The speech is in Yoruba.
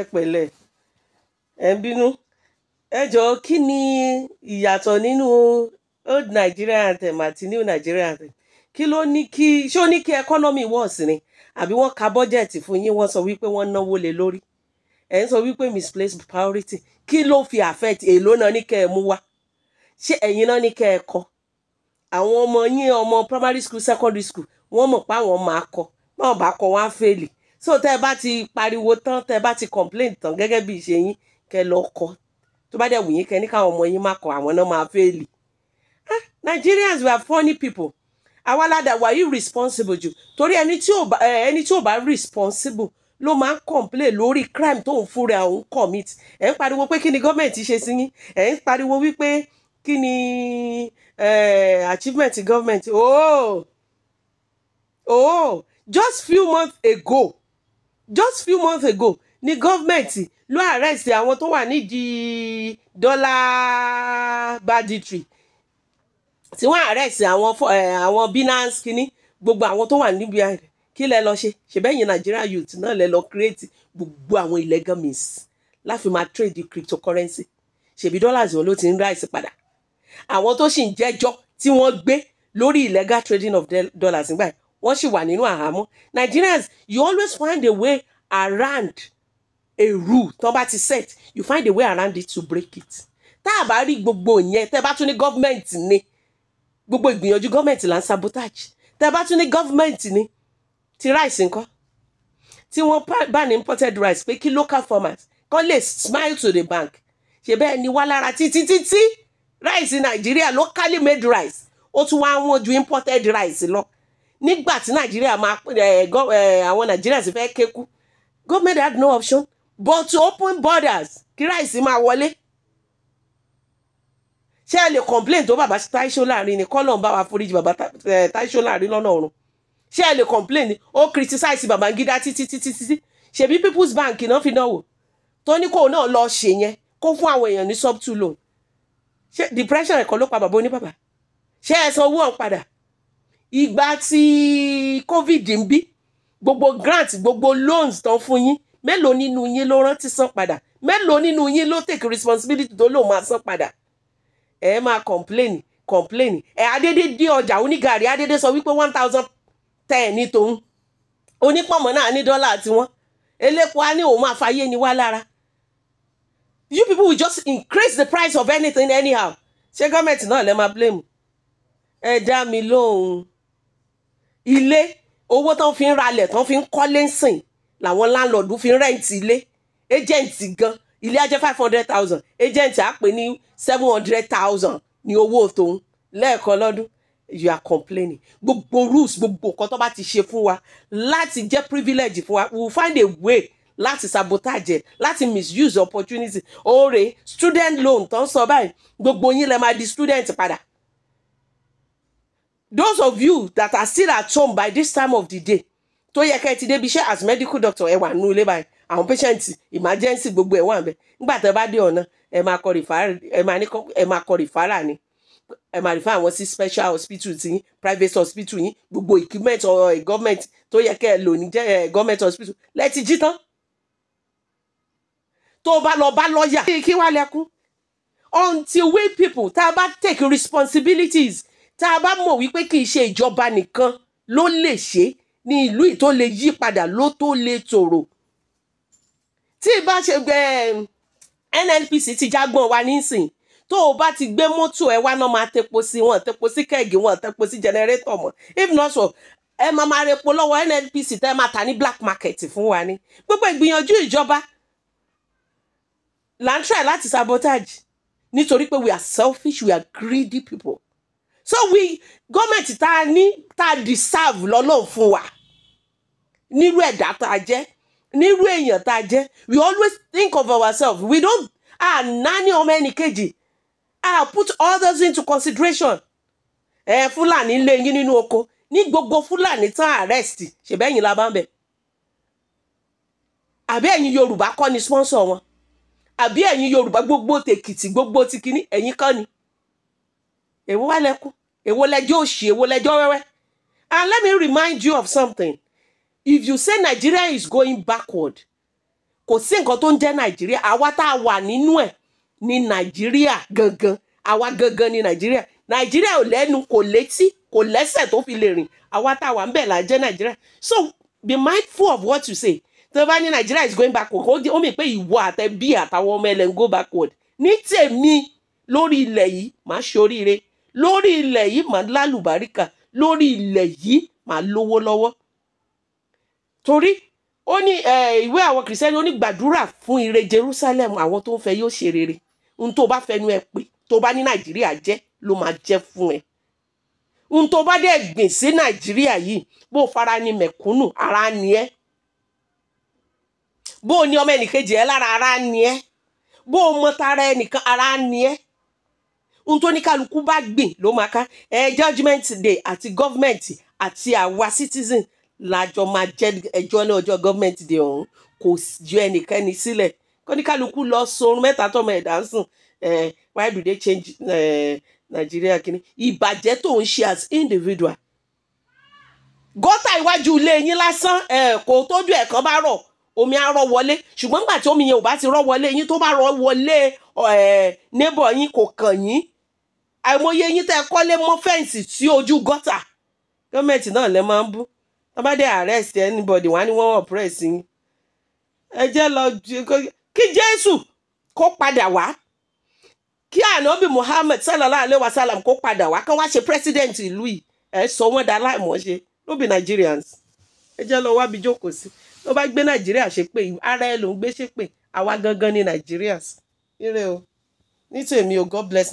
ẹ pẹ̀lẹ́ ẹ ń bínú ẹ jọ kí ni ìyàtọ̀ nínú old Nigeria anthem àti new Nigeria anthem kí ló ní kí ṣé ó ní kí ẹkọ́nọ́mì wọ̀ọ̀sì ni àbí wọ́n ka bọ́jẹ̀tì fún yín wọ́n sọ wípé wọ́n náwó lé lórí ẹ̀ ń sọ wípé misplaced priority kí ló fi affect èló náà ní kẹ́ ẹ mú wá ṣé ẹ̀yin náà ní kẹ́ ẹ kọ́ àwọn ọmọ yín ọmọ primary school secondary school wọ́n mọ̀ pé àwọn máa kọ́ báwọn bá kọ́ wọ́n á fèlè so tẹ́ ẹ bá ti pariwo tán tẹ́ bá ti complain tán gẹ́gẹ́ bí ìṣe yín kẹ́ lọ kọ tó bá dẹ̀ wù yín kẹ́ ní káwọn ọmọ yín má kọ àwọn náà máa fẹ́ẹ̀lì ah Nigerians we are funny people àwa ládà wà you responsible jù torí ẹni tí ò bá eh, ẹni tí ò bá responsible ló máa ń complain lórí crime tó ń fúnra òun commit ẹ̀ ń pariwo pé kí ni gọ́ọ̀mẹ̀ntì ṣe sí yín ẹ̀ ń pariwo wípé kí ni eh, achievement gọ́ọ̀mẹ̀ntì oh oh just few months ago just few months ago ni government ló arrest àwọn tó wà nídìí dollar banditry tí wọ́n arrest àwọn eh, àwọn binance kínní gbogbo àwọn tó wà níbi àìrẹ̀ kí lẹ lọ ṣe ṣèbẹ́yìn Nigeria youth náà lẹ lọ create gbogbo àwọn illegal means láfi máa trade the cryptocurrency ṣèbí dollars wọn ló ti ń rise padà àwọn tó sì ń jẹ́jọ́ tí wọ́n gbé lórí illegal trading of dollars nígbà yìí wọ́n sì wà nínú àhámọ́ Nigerians you always find a way around a rule tán bá ti set you find a way around it to break it tá a bá rí gbogbo yẹn tẹ́ bá tún ní gọ́ọ̀mẹ̀ntì ni gbogbo ìgbìyànjú gọ́ọ̀mẹ̀ntì là ń sabotage tẹ́ bá tún ní gọ́ọ̀mẹ̀ntì ni ti rice nǹkan tí wọ́n ban imported rice pé kí local farmers kán lè smile to the bank ṣe bẹ́ẹ̀ ni wá lára títí títí rice Nigeria, locally made rice ó tún wá wọ́n ju imported rice lọ nígbà tí nàìjíríà máa eh, eh, àwọn nàìjíríà sì fẹ́ kéku government had no option but to open borders kí ráìsì máa wọlé ṣé ẹ lè complain tó bàbá Táíṣò Láàrin ni kọ́lọ̀ ń bá wa foríjì bàbá Táíṣò eh, Láàrin lọ́nà ọ̀run ṣé ẹ lè complain ó criticize Babangida títí títí títí ṣebí People's Bank náà fi náà wò tó ní kó náà lọ ṣe yẹn kó fún àwọn èèyàn ní sub two loan ṣé depression ẹ̀kọ́ ló pa bàbá oníbàbà ṣé ẹ san owó ọ̀hún padà ìgbà tí covid ń bí gbogbo grant gbogbo loans tán fún yín mélòó nínú yín ló rántí san padà mélòó nínú yín ló take responsibility tó lóun máa san padà ẹ eh, máa complain complain ẹ eh, adédé dé ọjà onígàrí adédé sọ wípé one thousand ten ní tòun onípọ̀mọ́ náà ní dọ́là tiwọn elépo á ní òun máa fàyè ni wá lára you people will just increase the price of anything anyhow ṣé gọ́ọ̀mẹ̀ntì náà lè máa blame ẹ dá mi lóhùn ilé owó tán fi ń ralẹ̀ tán fi ń kọ́lé ń sìn làwọn láńlọ́ọ̀dù fi ń rẹ́ǹtì ilé ẹ́jẹ̀ǹtì gan ilé ajẹ́ five hundred thousand ẹ́jẹ̀ǹtì á pè ní seven hundred thousand ní owó tòun lẹ́ẹ̀kan lọ́dún you are complaining gbogbo rules gbogbo nǹkan tó bá ti ṣe fún wa láti jẹ́ privilege fún wa we will find a way láti sabotage láti misuse opportunity oore student loan tó ń sọ báyìí gbogbo yín lè máa di student padà those of you that are still at home by this time of the day tó yẹ kẹ́ ẹ ti débi iṣẹ́ as medical doctor ẹ wà nínú ilé báyìí àwọn patient emergency gbogbo ẹ wà nbẹ nígbà tó bá dé ọ̀nà ẹ máa kọ referral ẹ máa kọ referral ni ẹ máa refer àwọn sí special hospital ti yín private hospital yín gbogbo equipment or government tó yẹ kẹ́ ẹ lò ní government hospital lẹ́ẹ̀tì jí tán tó bá lọ bá lọ́ọ̀yà kí wàá lẹ́kún until we people tá a bá take responsibilities tá a bá mọ̀ wípé kì í ṣe ìjọba nìkan ló lè ṣe ní ìlú yìí tó lè yí padà ló tó lè tòrò tí ìbá ṣe gbẹ NNPC ti jágbọ́n wa nísìn tó o bá ti gbé mọ́tò ẹ wá náà máa tepo sí wọn tepo sí kẹ́ẹ̀gì wọn tepo sí jẹnẹrétọ̀ mọ́ if not so ẹ máa máa repo lọ́wọ́ NNPC tẹ́ máa ta ní black market fún wa ní gbogbo ìgbìyànjú ìjọba là ń try láti sabotage nítorí pé we are selfish we are greedy people so we government tá ni ní deserve lọ́lọ́run fún wa nírú ẹ̀dá tá a jẹ́ nírú èèyàn tá we always think of ourselves we don't ah nani ọmọ ẹnì kejì ah put others into consideration Eh fúlàní lé yín nínú oko ni gbogbo fúlàní tán arrest ṣèbẹ́yìn la bá ń bẹ̀ àbí ẹ̀yin yorùbá kọ́ ni sponsor wọn àbí ẹ̀yin yorùbá gbogbo tèkìtì gbogbo tìkíní ẹ̀yin kọ́ ni èwo wá lẹ́kú èwo lẹ́jọ́ òṣì èwo lẹ́jọ́ wẹ́wẹ́ and let me remind you of something if you say Nigeria is going backward kò sí nǹkan tó ń jẹ́ Nàìjíríà àwa tá a wà nínú ẹ̀ ní Nàìjíríà gangan àwa gangan ní Nàìjíríà Nàìjíríà ò lẹ́nu kò létí kò lẹ́sẹ̀ tó fi lè rìn àwa tá a wà ń bẹ̀ là jẹ́ Nàìjíríà so be mindful of what you say tó bá ní Nàìjíríà is going backward ó mì pé ìwọ àtẹbí àtàwọn ọmọ ẹlẹ́ ń go backward ní tèmi lórí ilẹ̀ yìí màá ṣoríire lórí ilẹ̀ yìí màá lálùbáríkà lórí ilẹ̀ yìí màá lówó lọ́wọ́ torí ó ní ìwé àwọn kìrìsẹ́nì ó ní gbàdúrà fún ire Jerusalem àwọn tó ń fẹ́ yóò ṣe rere ohun tó bá fẹnu ẹ pé tó bá ní Nàìjíríà jẹ́ ló máa jẹ́ fún ẹ ohun tó bá dẹ̀ gbìn sí Nàìjíríà yìí bó fara ni mẹ̀kúnnù ara ni ẹ́ bó ní ọmọ ẹnìkejì ẹ lára ara ni ẹ́ bó mọ tara ẹnìkan ara ni ẹ́ ohun tó ní kálukú bá gbìn ló máa ká ẹ judgement day àti government àti àwa citizen lájọ máa jẹ ẹjọ́ ní ọjọ́ gọ́fìmẹ̀ntì day ọ̀hún kò ju ẹnikẹ́ni sílẹ̀ kọ́níkálukú lọ sorun mẹ́ta tọmọ ẹ̀dá sùn why do they change uh, Nigeria kìíní ìbàjẹ́ tó ń ṣe as individual gọ́tà iwájú ilé yín lásán kò tójú ẹ̀kan bá rọ̀ omi á rọ̀ wọlé ṣùgbọ́n nígbà tí omi yẹn ò bá ti rọ̀ wọlé yín tó bá rọ̀ wọlé neighbor yín kò kàn yín àìmọye yín tẹ́ ẹ kọ́lé mọ́ fẹ́ǹsì sí ojú gọ́tà gọ́ọ̀mẹ̀ntì náà lẹ máa ń bú wọ́n dé arrest anybody wọ́n á ní wọ́n oppress yín ẹ jẹ́ lọ kí Jésù kó padà wá kí ànábì Muhammad sallallahu alayhi wa sallam kó padà wá kán ṣe president ìlú yìí ẹ sọ wọ́n dá láìmọ̀ ṣe ló bí Nigerians ẹ jẹ́ lọ wábi jókòó sí ló bá gbé Nàìjíríà ṣépè ara ẹ ló ń gbé ṣépè àwa gangan ní Nigerians ire o ní tèmi o God bless Nigeria.